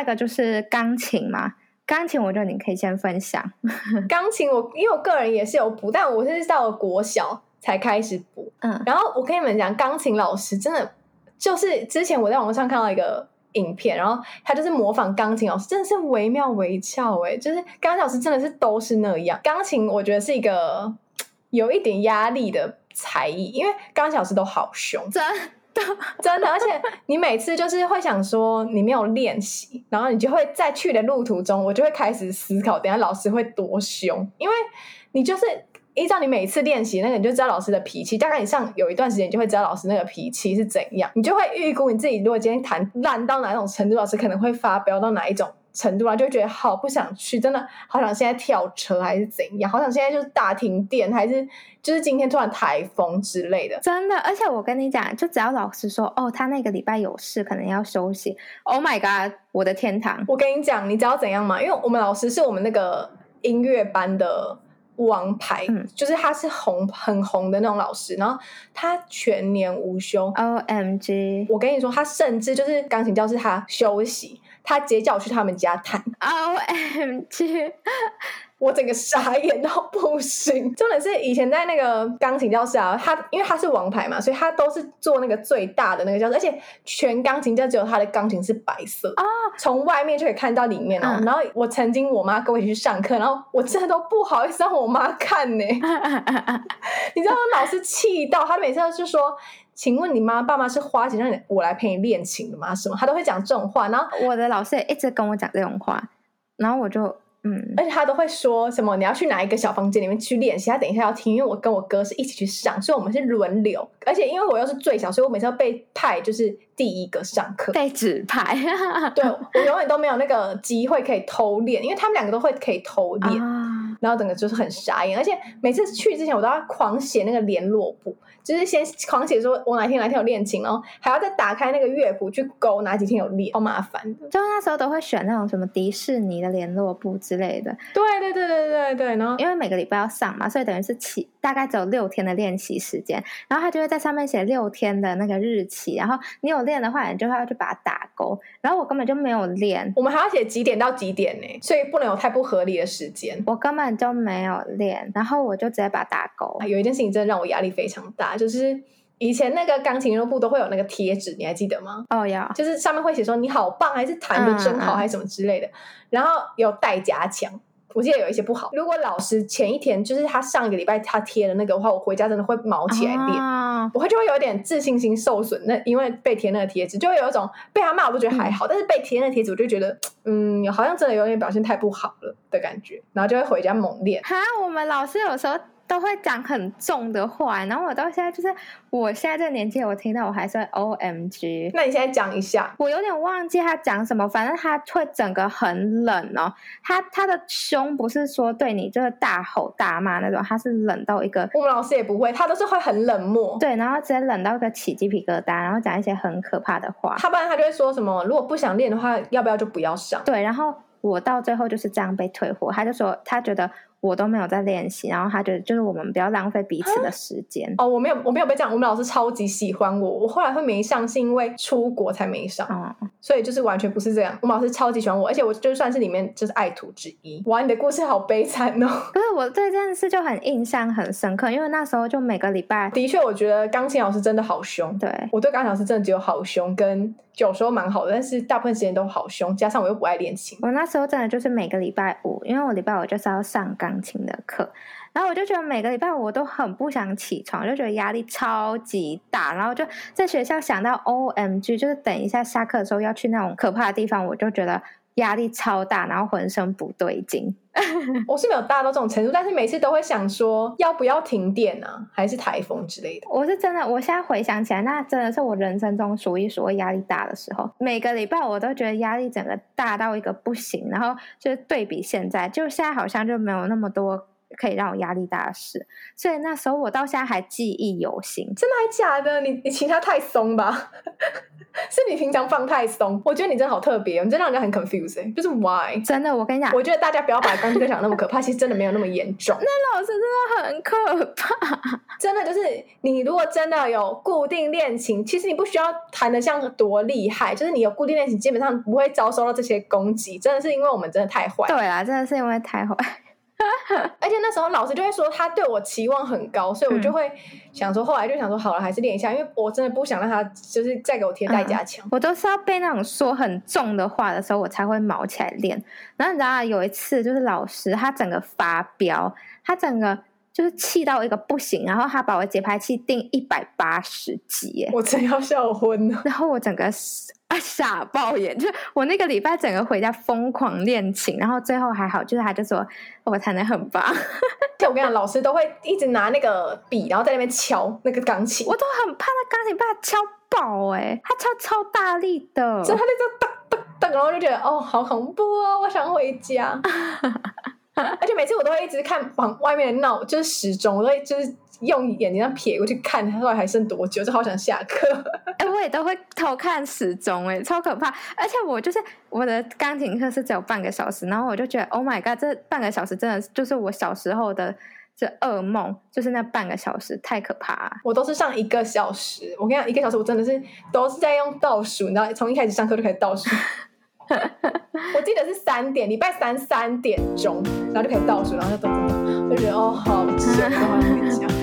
那個就是鋼琴嘛，鋼琴我覺得你可以先分享。鋼 琴我因為我個人也是有補，但我是到了國小才開始補。嗯，然後我跟你們講，鋼琴老師真的就是之前我在網上看到一個影片，然後他就是模仿鋼琴老師，真的是惟妙惟肖哎！就是鋼琴老師真的是都是那樣。鋼琴我覺得是一個有一點壓力的才藝，因為鋼琴老師都好兇。真。 真的，而且你每次就是會想說你沒有練習，然後你就會在去的路途中，我就會開始思考，等一下老師會多兇，因為你就是依照你每次練習那個，你就知道老師的脾氣，大概你上有一段時間，你就會知道老師那個脾氣是怎樣，你就會預估你自己如果今天彈爛到哪種程度，老師可能會發飆到哪一種。程度啊，就覺得好不想去，真的好想現在跳車還是怎樣，好想現在就是大停電還是就是今天突然颱風之類的，真的。而且我跟你講，就只要老師說哦，他那個禮拜有事可能要休息，Oh my god，我的天堂！我跟你講，你知道怎樣嗎？因為我們老師是我們那個音樂班的。王牌，嗯，就是他是紅很紅的那種老師，然後他全年無休，OMG！我跟你說，他甚至就是鋼琴教室他休息，他直接叫我去他們家彈，OMG！我整個傻眼到不行，重點是以前在那個鋼琴教室啊，他因為他是王牌嘛，所以他都是做那個最大的那個教室，而且全鋼琴教室只有他的鋼琴是白色啊，哦，從外面就可以看到裡面啊、嗯。然後我曾經我媽跟我一起去上課，然後我真的都不好意思讓我媽看呢，欸， 你知道我老師氣到，他每次都是說，請問你媽爸媽是花錢讓你我來陪你練琴的嗎？什麼，他都會講這種話，然後我的老師也一直跟我講這種話，然後我就。嗯，而且他都會說什麼你要去哪一個小房間裡面去練習，他等一下要聽，因為我跟我哥是一起去上，所以我們是輪流，而且因為我又是最小，所以我每次要被派就是第一個上課，被指派， 對，我永遠都沒有那個機會可以偷練，因為他們兩個都會可以偷練。啊然後整個就是很傻眼，而且每次去之前我都要狂寫那個聯絡簿，就是先狂寫說我哪天哪天有練琴，然後還要再打開那個樂譜去勾哪幾天有練，好麻煩。就那時候都會選那種什麼迪士尼的聯絡簿之類的。對對對對對對，然後因為每個禮拜要上嘛，所以等於是七大概只有六天的練習時間，然後他就會在上面寫六天的那個日期，然後你有練的話，你就會要去把它打勾。然後我根本就沒有練，我們還要寫幾點到幾點呢，所以不能有太不合理的時間。我根本。就沒有練，然後我就直接把它打勾、啊。有一件事情真的讓我壓力非常大，就是以前那個鋼琴樂譜都會有那個貼紙，你還記得嗎？哦呀，就是上面會寫說你好棒，還是彈得真好，嗯、還是什麼之類的，然後有帶夾牆。我記得有一些不好。如果老師前一天就是他上一個禮拜他貼的那個的話，我回家真的會毛起來練、啊，我會就會有點自信心受損。那因為被貼那個貼紙，就會有一種被他罵我都覺得還好，嗯、但是被貼那個貼紙我就覺得，嗯，好像真的有點表現太不好了的感覺，然後就會回家猛練。哈、啊，我們老師有時候，都會講很重的話，然後我到現在就是我現在這個年紀，我聽到我還是 OMG。那你現在講一下，我有點忘記他講什麼，反正他會整個很冷哦。他他的兇不是說對你就是大吼大罵那種，他是冷到一個。我們老師也不會，他都是會很冷漠。對，然後直接冷到一個起雞皮疙瘩，然後講一些很可怕的話。他不然他就會說什麼，如果不想練的話，要不要就不要想。對，然後我到最後就是這樣被退貨，他就說他覺得。我都沒有在練習，然後他覺得就是我們不要浪費彼此的時間。哦，我沒有，我沒有被這樣。我們老師超級喜歡我，我後來會沒上是因為出國才沒上，哦，所以就是完全不是這樣。我們老師超級喜歡我，而且我就算是裡面就是愛徒之一。哇，你的故事好悲慘哦！不是，我對這件事就很印象很深刻，因為那時候就每個禮拜，的確我覺得鋼琴老師真的好凶。對，我對鋼琴老師真的只有好凶跟。有時候蠻好的，但是大部分時間都好凶，加上我又不愛練琴。我那時候真的就是每個禮拜五，因為我禮拜五就是要上鋼琴的課，然後我就覺得每個禮拜五我都很不想起床，就覺得壓力超級大，然後就在學校想到 OMG，就是等一下下課的時候要去那種可怕的地方，我就覺得。壓力超大，然後渾身不對勁。我是沒有大到這種程度，但是每次都會想說要不要停電啊，還是颱風之類的。我是真的，我現在回想起來，那真的是我人生中數一數二壓力大的時候。每個禮拜我都覺得壓力整個大到一個不行，然後就是對比現在，就現在好像就沒有那麼多，可以讓我壓力大的事，所以那時候我到現在還記憶猶新。真的還假的？你你其他太鬆吧？ 是你平常放太鬆？我覺得你真的好特別，我們真的很 confuse、欸、就是 why？真的，我跟你講，我覺得大家不要把鋼琴講那麼可怕， 其實真的沒有那麼嚴重。那老師真的很可怕，真的就是你如果真的有固定練琴，其實你不需要彈得像多厲害，就是你有固定練琴，基本上不會遭受到這些攻擊。真的是因為我們真的太壞。對啊，真的是因為太壞。 那時候老師就會說他對我期望很高，所以我就會想說，嗯、後來就想說，好了，還是練一下，因為我真的不想讓他就是再給我貼待加強、嗯。我都是要被那種說很重的話的時候，我才會卯起來練。然後你知道有一次就是老師他整個發飆，他整個。就是氣到一個不行，然後他把我節拍器定一百八十幾耶，我真要笑昏了。然後我整個傻、啊、傻爆眼，就是我那個禮拜整個回家瘋狂練琴，然後最後還好，就是他就說、哦、我彈的很棒。 就我跟你講，老師都會一直拿那個筆，然後在那邊敲那個鋼琴， 我都很怕那鋼琴被敲爆哎，他敲超大力的，所以他就他那個噔噔噔，然後就覺得哦，好恐怖哦，我想回家。 而且每次我都會一直看往外面鬧，就是時鐘，我都會就是用眼睛上瞥過去看，到底還剩多久，就好想下課。哎、欸，我也都會偷看時鐘，哎，超可怕。而且我就是我的鋼琴課是只有半個小時，然後我就覺得，Oh my God，這半個小時真的是，就是我小時候的這噩夢，就是那半個小時太可怕、啊。我都是上一個小時，我跟你講，一個小時我真的是都是在用倒數，然後從一開始上課就開始倒數。 我記得是三點，禮拜三三點鐘，然後就可以倒數，然後就等等，就，就覺得 哦，好羞，好緊張。